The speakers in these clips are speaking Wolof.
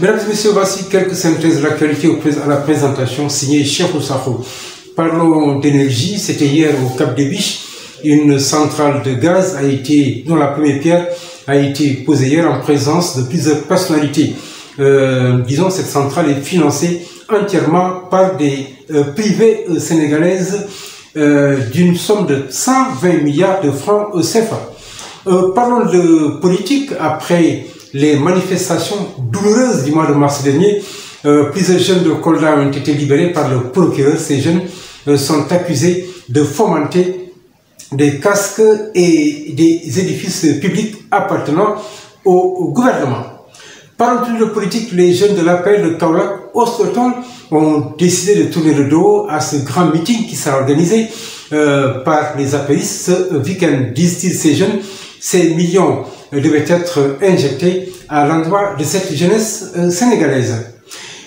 Mesdames et messieurs, voici quelques synthèses de l'actualité à la présentation signée Cheikh Oussakho. Parlons d'énergie, c'était hier au Cap des Biches. Une centrale de gaz a été, dont la première pierre a été posée hier en présence de plusieurs personnalités. Euh, disons, cette centrale est financée entièrement par des euh, privés euh, sénégalaises euh, d'une somme de 120 milliards de francs euh, CFA. parlons de politique après les manifestations douloureuses du mois de mars dernier. Euh, plusieurs jeunes de Kolda ont été libérés par le procureur. Ces jeunes euh, sont accusés de fomenter des casques et des édifices publics appartenant au, au gouvernement. Par le politique, les jeunes de l'appel de Kaolak Ostoton ont décidé de tourner le dos à ce grand meeting qui sera organisé euh, par les apéristes ce week-end. Disent-ils ces jeunes, ces millions devait être euh, injectée à l'endroit de cette jeunesse euh, sénégalaise.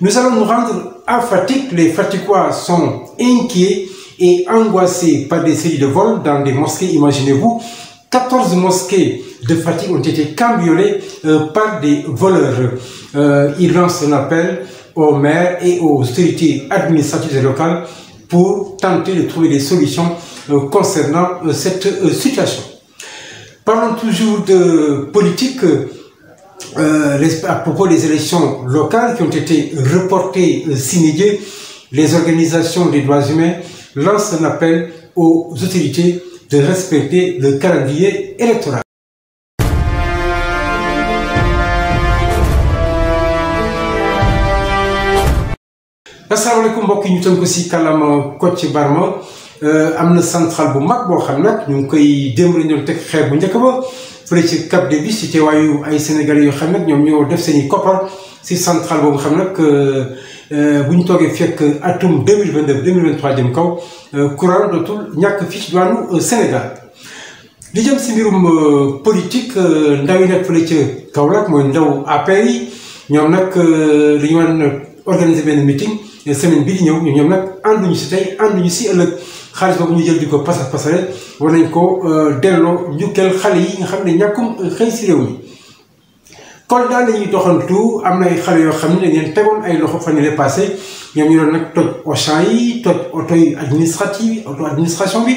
Nous allons nous rendre à Fatik. Les Fatikois sont inquiets et angoissés par des séries de vol dans des mosquées. Imaginez-vous, 14 mosquées de Fatik ont été cambriolées euh, par des voleurs. Euh, ils lancent un appel aux maires et aux autorités administratives et locales pour tenter de trouver des solutions euh, concernant euh, cette situation. Parlons toujours de politique. Euh, les, à propos des élections locales qui ont été reportées, euh, signalées, les organisations des droits humains lancent un appel aux autorités de respecter le calendrier électoral. mbokk yi ñu tënk Euh, am na centrale bu mag boo xam nag ñu ngi koy démb lañu teg xeer bu njëkk ba fële ci Cap de Biche ci teewaayu ay sénégal yoo xam nag ñoom ñoo def seeni koppar si centrale boobu xam nag euh, euh, bu ñu toogee fekk atum deux mille vingt deux deux mille kaw courant dootul ñàkk fii ci diwaanu Sénégal. li jëm si mbirum politique ndaw yi nag fële ci Kaolack mooy ndaw APR yi ñoom nag dañu wan organiser benn meeting. semaine bi di ñëw ñu ñoom nag ànduñu si tey ànduñu si ëllëg xaalis boobu ñu jël di ko pasar pasare war nañ ko euh, delloo njukkal xale yi nga xam ne ñàkkum xëy si réew mi kon daal la ñuy doxantu am na ay xale yoo xam ne dañu tegoon ay loxo fan yii passé ñoom ñu doon nag toj Auchan yi toj oto yi administrative auto administration bi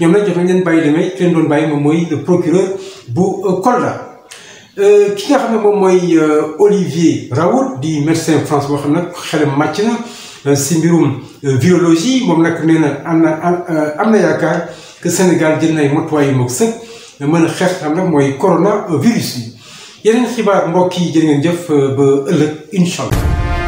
ñoom nag jot nañ leen bàyyi demee ki leen doon bàyyi moom mooy le procureur bu euh, Kolda. Euh, ki nga xam ne moom mooy Olivier Raoult di médecin France boo xam nag xelam màcc na Euh, si mbirum euh, virologie moom nag nee na am na am euh, na yaakaar que Sénégal jël nay matuwaay yu mag sëkk mën a xeex xam nag mooy corona virus yi yeneen xibaar mbokk yi jërë ngeen jëf ba ëllëg incha allah.